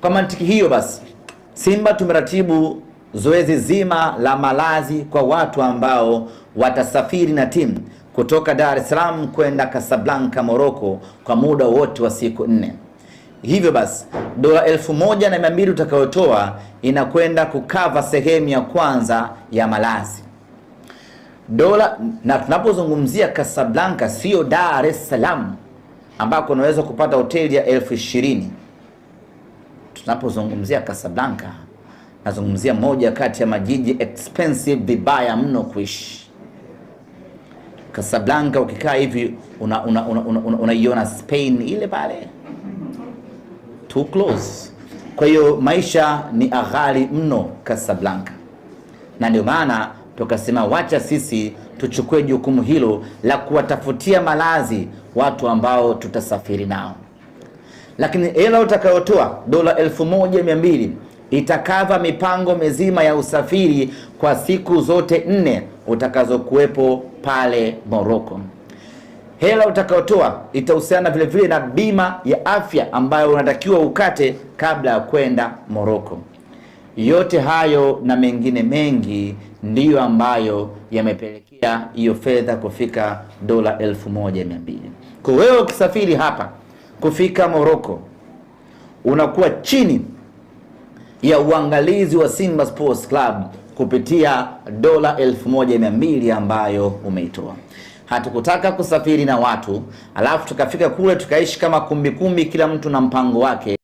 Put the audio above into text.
Kwa mantiki hiyo basi, Simba tumeratibu zoezi zima la malazi kwa watu ambao watasafiri na timu kutoka Dar es Salaam kwenda Casablanca, Morocco kwa muda wote wa siku nne. Hivyo basi dola elfu moja na mia mbili utakayotoa inakwenda kukava sehemu ya kwanza ya malazi dola, na tunapozungumzia Casablanca sio Dar es Salaam ambako unaweza kupata hoteli ya elfu ishirini tunapozungumzia Casablanca, nazungumzia moja kati ya majiji expensive vibaya mno kuishi. Casablanca ukikaa hivi unaiona una, una, una, una Spain ile pale, too close. Kwa hiyo maisha ni aghali mno Casablanca, na ndio maana tukasema wacha sisi tuchukue jukumu hilo la kuwatafutia malazi watu ambao tutasafiri nao lakini hela utakayotoa dola elfu moja mia mbili itakava mipango mizima ya usafiri kwa siku zote nne utakazokuwepo pale Moroko. Hela utakayotoa itahusiana vile vile na bima ya afya ambayo unatakiwa ukate kabla ya kwenda Moroko. Yote hayo na mengine mengi ndiyo ambayo yamepelekea hiyo fedha kufika dola elfu moja mia mbili. Kwa wewe ukisafiri hapa kufika Morocco unakuwa chini ya uangalizi wa Simba Sports Club kupitia dola 1200 ambayo umeitoa. Hatukutaka kusafiri na watu alafu tukafika kule tukaishi kama kumbi kumbi kila mtu na mpango wake.